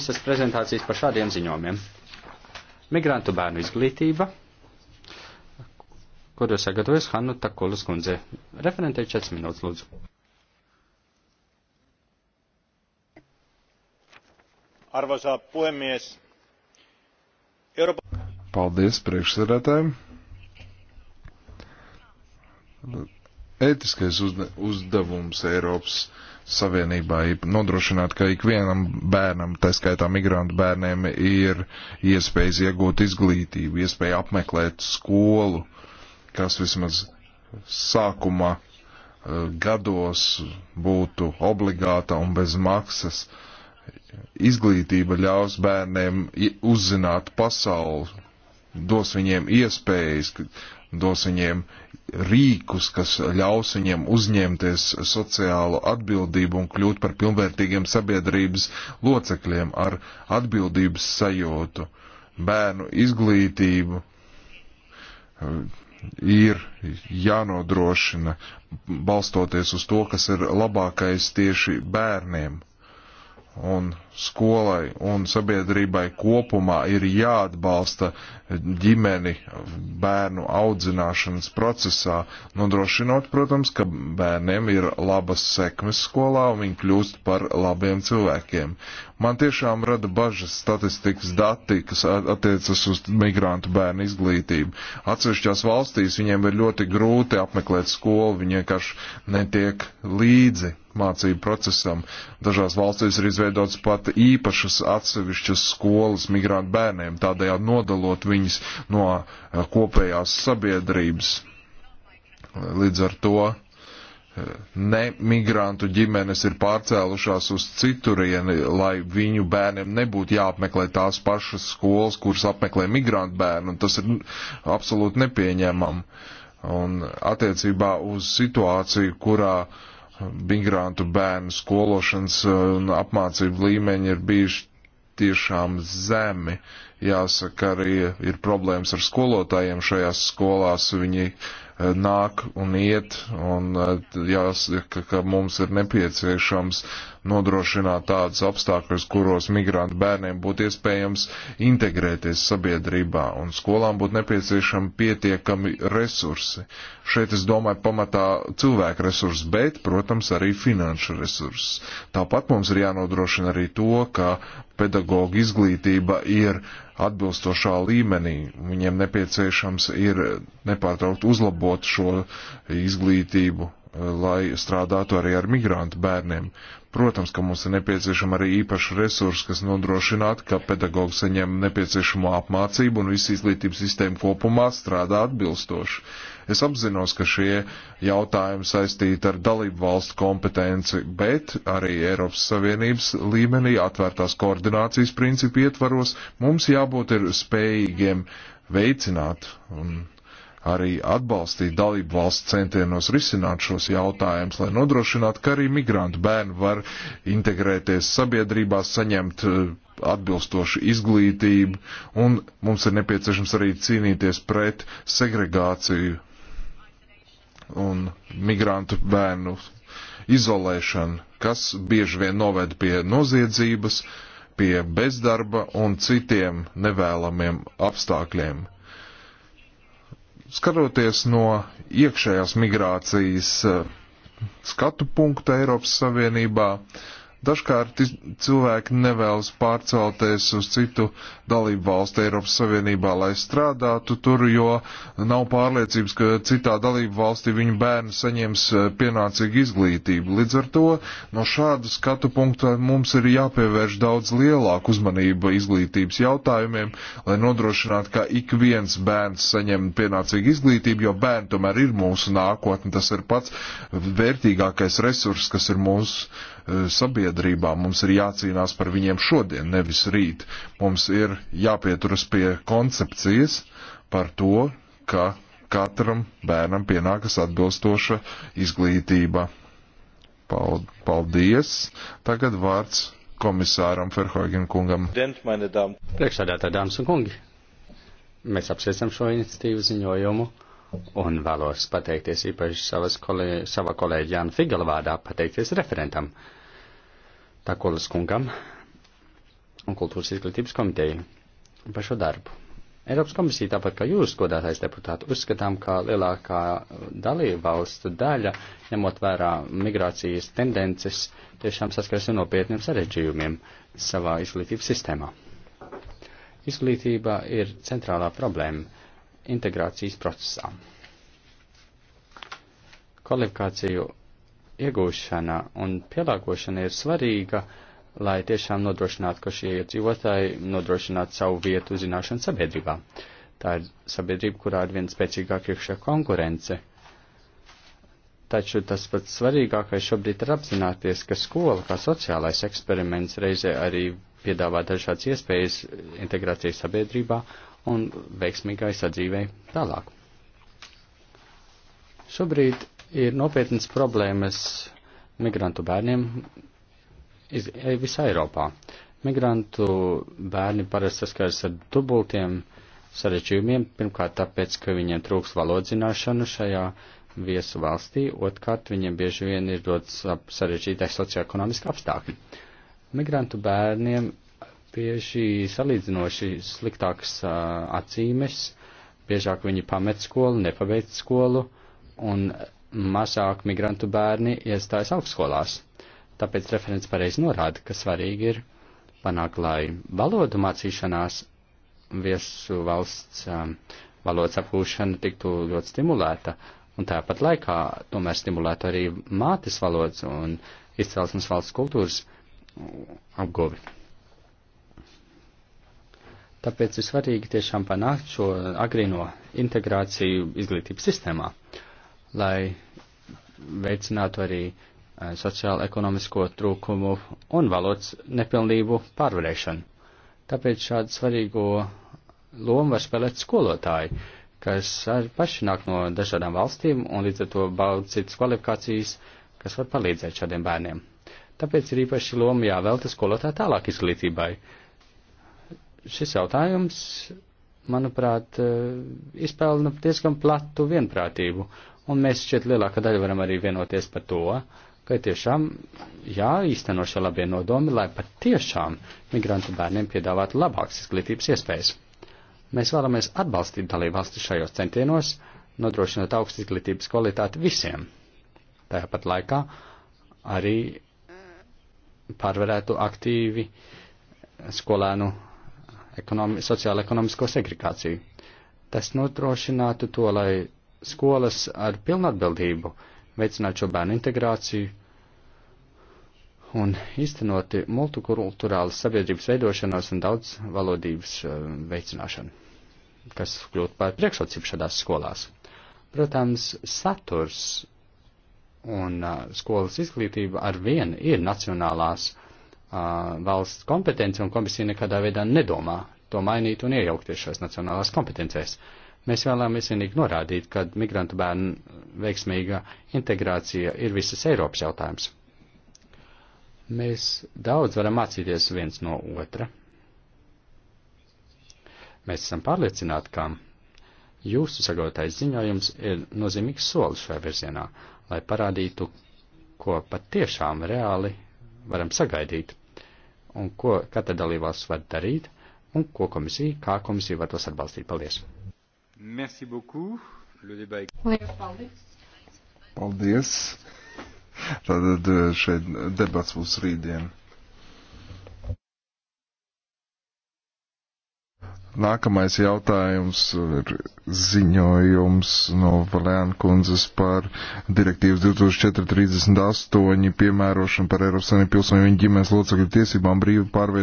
īsas prezentācijas par šādiem ziņojumiem. Migrantu bērnu izglītība, kuru sagatavojas Hannu Takulas kundze. Referentē 4 minūtes, lūdzu. Arvoisa puhemies, Euroopan... Paldies priekšsēdētājiem ētiskais uzdevums Eiropas Savienībā ir nodrošināt, ka ikvienam bērnam, tā skaitā migrantu bērniem, ir iespējas iegūt izglītību, iespēja apmeklēt skolu, kas vismaz sākumā eh, gados būtu obligāta un bez maksas. Izglītība ļaus bērniem uzzināt pasauli, dos viņiem iespējas, dos viņiem rīkus, kas ļaus viņiem uzņemties sociālo atbildību un kļūt par pilnvērtīgiem sabiedrības locekļiem ar atbildības sajūtu. Bērnu izglītību eh, ir jānodrošina, balstoties uz to, kas ir labākais tieši bērniem. Un skolai un sabiedrībai kopumā ir jāatbalsta ģimeni bērnu audzināšanas procesā, nodrošinot, protams, ka bērniem ir labas sekmes skolā un viņi kļūst par labiem cilvēkiem. Man tiešām rada bažas statistikas dati, kas attiecas uz migrantu bērnu izglītību. Atsevišķās valstīs viņiem ir ļoti grūti apmeklēt skolu, viņi vienkārši netiek līdzi mācību procesam. Dažās valstīs ir izveidots pat izveidot īpašas atsevišķas skolas migrantu bērniem, tādējādi nodalot viņus no eh, kopējās sabiedrības. Līdz ar to eh, ne migrantu ģimenes ir pārcēlušās uz citurieni, lai viņu bērniem nebūtu jāapmeklē tās pašas skolas, kuras apmeklē migrantu bērnu, un tas ir absolūti nepieņemam. Un attiecībā uz situāciju, kurā uh, migrantu bērnu skološanas uh, un apmācību līmeņi ir bijuši tiešām zemi. Uh, Jāsaka, arī ir problēmas ar skolotājiem šajās skolās. Viņi eh, nāk un iet, un eh, jāsaka, ka mums ir nepieciešams nodrošināt tādus apstākļus, kuros migrantu bērniem būtu iespējams integrēties sabiedrībā, un skolām būtu nepieciešami pietiekami resursi. Šeit es domāju pamatā cilvēku resursus, bet, protams, arī finanšu resursus. Tāpat mums ir jānodrošina arī to, ka pedagoģa izglītība ir uh, atbilstošā līmenī. Viņiem nepieciešams ir nepārtraukt uzlabot šo izglītību lai strādātu arī ar migrantu bērniem. Protams, ka mums ir nepieciešama arī īpaša resursa, kas nodrošinātu, ka pedagogs saņem nepieciešamo apmācību un visa izglītības sistēma kopumā strādā atbilstoši. Es apzinos, ka šie jautājumi saistīti ar dalību valstu kompetenci, bet arī Eiropas Savienības līmenī atvērtās koordinācijas principu ietvaros mums jābūt ir spējīgiem veicināt un arī atbalstīt dalību valsts centienos risināt šos jautājumus, lai nodrošinātu, ka arī migrantu bērni var integrēties sabiedrībā, saņemt eh, atbilstošu izglītību, un mums ir nepieciešams arī cīnīties pret segregāciju un migrantu bērnu izolēšanu, kas bieži vien noved pie noziedzības, pie bezdarba un citiem nevēlamiem apstākļiem. Skatoties no iekšējās migrācijas eh, skatu punkta Eiropas Savienībā, uh, Dažkārt cilvēki nevēlas pārcelties uz citu dalību valstu Eiropas Savienībā, lai strādātu tur, jo nav pārliecības, ka citā dalību valstī viņu bērni saņems eh, pienācīgu izglītību. Līdz ar to no šāda skatu punkta mums ir jāpievērš daudz lielāku uzmanību izglītības jautājumiem, lai nodrošinātu, ka ik viens bērns saņem pienācīgu izglītību, jo bērni tomēr ir mūsu nākotne. Tas ir pats vērtīgākais resurs, kas ir mūsu sabiedrībā. Mums ir jācīnās par viņiem šodien, nevis rīt. Mums ir jāpieturas pie koncepcijas par to, ka katram bērnam pienākas atbilstoša izglītība. Paldies! Tagad vārds komisāram Ferhoigen kungam. Priekšsādātā dāmas un kungi, mēs apsveicam šo iniciatīvu ziņojumu un vēlos pateikties īpaši savas kolē, sava kolēģi Jāna Figala vārdā, pateikties referentam. Uh, Takolas kungam un Kultūras izglītības komiteju par šo darbu. Eiropas komisija, tāpat kā jūs, godātais deputāti, uzskatām, ka lielākā dalība valstu daļa, ņemot vērā migrācijas tendences, tiešām saskars ar nopietniem sarežģījumiem savā izglītības sistēmā. Izglītība ir centrālā problēma integrācijas procesā. Kvalifikāciju iegūšana un pielāgošana ir svarīga, lai tiešām nodrošinātu, ka šie iedzīvotāji nodrošinātu savu vietu zināšanu sabiedrībā. Tā ir sabiedrība, kurā ir viens spēcīgāk iekšē konkurence. Taču tas pats svarīgākais šobrīd ir apzināties, ka skola kā sociālais eksperiments reizē arī piedāvā dažādas iespējas integrācijai sabiedrībā un veiksmīgai sadzīvei tālāk. Šobrīd ir nopietnas problēmas migrantu bērniem iz, visā Eiropā. Migrantu bērni parasti saskaras ar dubultiem sarežģījumiem, pirmkārt tāpēc, ka viņiem trūks valodzināšanu šajā viesu valstī, otrkārt viņiem bieži vien ir dots sarežģītāki socioekonomiski apstākļi. Migrantu bērniem bieži salīdzinoši sliktākas acīmes, biežāk viņi pamet skolu, nepabeidz skolu, un mazāk migrantu bērni iestājas augstskolās. Tāpēc referents pareizi norāda, ka svarīgi ir panākt, lai valodu mācīšanās viesu valsts um, valodas apgūšana tiktu ļoti stimulēta, un tāpat laikā tomēr stimulētu arī mātes valodas un izcelsmes valsts kultūras apguvi. Tāpēc ir svarīgi tiešām panākt šo agrīno integrāciju izglītības sistēmā. Uh, lai veicinātu arī eh, sociālo ekonomisko trūkumu un valodas nepilnību pārvarēšanu. Tāpēc šādu svarīgo lomu var spēlēt skolotāji, kas paši nāk no dažādām valstīm un līdz ar to baud citas kvalifikācijas, kas var palīdzēt šādiem bērniem. Tāpēc ir īpaši loma jāvelta skolotāja tālāk izglītībai. Šis jautājums, manuprāt, eh, izpelna diezgan platu vienprātību, un mēs šķiet lielāka daļa varam arī vienoties par to, ka tiešām jāīsteno šie labie nodomi, lai patiešām migrantu bērniem piedāvātu labākas izglītības iespējas. Mēs vēlamies atbalstīt dalībvalsti šajos centienos, nodrošinot augstu izglītības kvalitāti visiem. Tāpat laikā arī pārvarētu aktīvi skolēnu ekonomi, sociālo-ekonomisko segregāciju. Tas nodrošinātu to, lai skolas ar pilnu atbildību veicināt šo bērnu integrāciju un īstenoti multikulturālas sabiedrības veidošanos un daudz valodības eh, veicināšanu, kas kļūt par priekšrocību šādās skolās. Protams, saturs un uh, skolas izglītība ar vienu ir nacionālās uh, valsts kompetence, un komisija nekādā veidā nedomā to mainīt un iejaukties šajās nacionālās kompetencēs. Uh, Mēs vēlamies vienīgi norādīt, ka migrantu bērnu veiksmīga integrācija ir visas Eiropas jautājums. Mēs daudz varam mācīties viens no otra. Mēs esam pārliecināti, ka jūsu sagatavotais ziņojums ir nozīmīgs solis šajā virzienā, lai parādītu, ko patiešām reāli varam sagaidīt, un ko katra dalībvalsts var darīt, un ko komisija, kā komisija var tos atbalstīt. Paldies! Merci beaucoup. Le débat est... Lielas paldies. Paldies. Tātad eh, šeit debats būs rītdien. Nākamais jautājums ir ziņojums no Valēna kundzes par direktīvas 2438 piemērošanu par Eiropas Savienību pilsoņu viņa ģimenes locekļu tiesībām brīvi pārvietot.